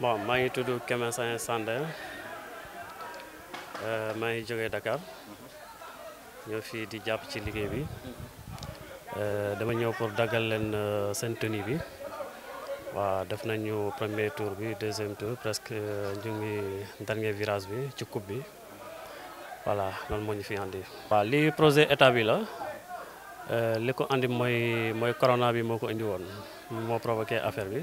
bon maa ngi tudd Kemé Saint Sandé euh, maa ngi jógee Dakar ñoo fii di jàpp ci liggéey bi euh, dama ñëw pour daggal leen euh, seen tenue bi waaw def nañu premier tour bi deuxième tour presque ñu ngi dernier virage bi ci coupe bi voilà loolu moo ñu fi andi. waa li projet état bi la li ko andi mooy mooy corona bi moo ko indi woon moo provoqué affaire bi.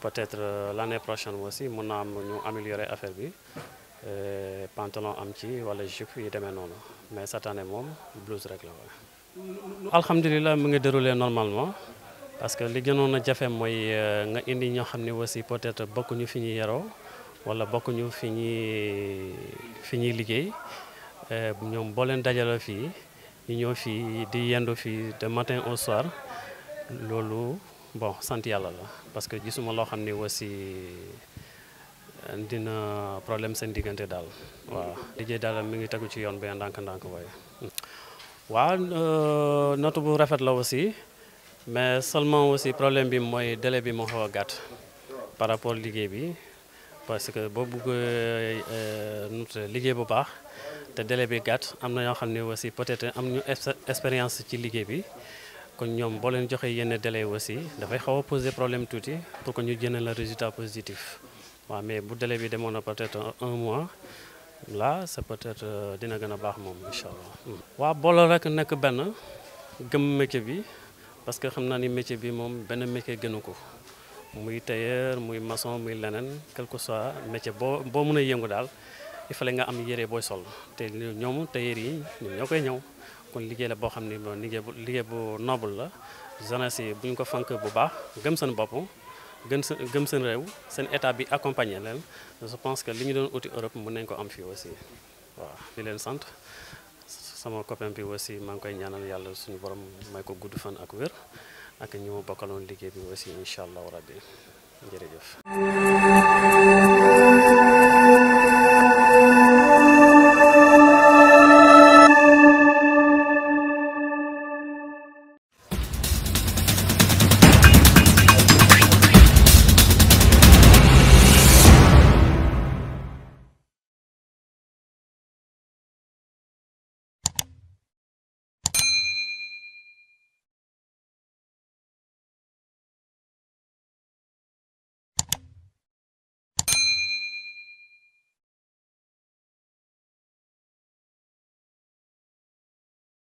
peut-être euh, l'année prochaine aussi mun na am ñu améliorer affaire bi euh, pantalon am ci wala jupe yi demee noonu mais cette année moom blouse rek la waaye. alhamdulilah mu ngi déroulé normalement parce que li gënoon a jafe mooy euh, nga indi ñoo xam ne aussi peut-être bokkuñu fi ñuy yaroo wala bokkuñu fi ñu fi ñuy liggéey ñoom boo leen dajaloo fii ñu ñëw fii di yendu fii de matin au soir loolu. bon sant yalla la parce que gisuma lo xamni aussi euh, dina problème sen diganté dal wa liggéey dal mi ngi tegu ci yoon bi ndank ndank way wa euh, notre bu rafet la aussi mais seulement aussi problème bi moy délai bi mo xaw a par rapport ligue bi parce que boo euh notre liggéey bu baax té délai bi gàtt amna yo xamni aussi peut-être am ñu expérience ci ligue bi kon ñoom boo leen joxee yenn délai aussi dafay xaw a poser problème tuuti pour que ñu jënd le résultat positif waaw mais bu délai bi demoon na peut-être un mois là c'est peut-être euh, dina gën a baax moom incha allah. Hmm. waaw booloo rek nekk benn gëm métier bi parce que xam naa ni métier bi moom benn métier gënu ko muy tailleur muy maçon muy leneen quelque soit métier boo boo mën a yëngu daal il fallait nga am yére booy sol te ñoom tailleur yi ñoom ñoo koy ñëw. kon liggéey la boo xam ne moom liggéey bu liggéey bu noble la jeunesse yi bu ko fank bu baax gëm seen bopp gëm seen gëm seen réew seen état bi accompagner leen je pense que li ñu doon uti Europe mun nañ ko am fi aussi waaw di leen sant sama copain bi aussi maa ngi koy ñaanal yàlla suñu borom may ko gudd fan ak wér ak ñu bokkaloon liggéey bi aussi incha allahu rabbi jërëjëf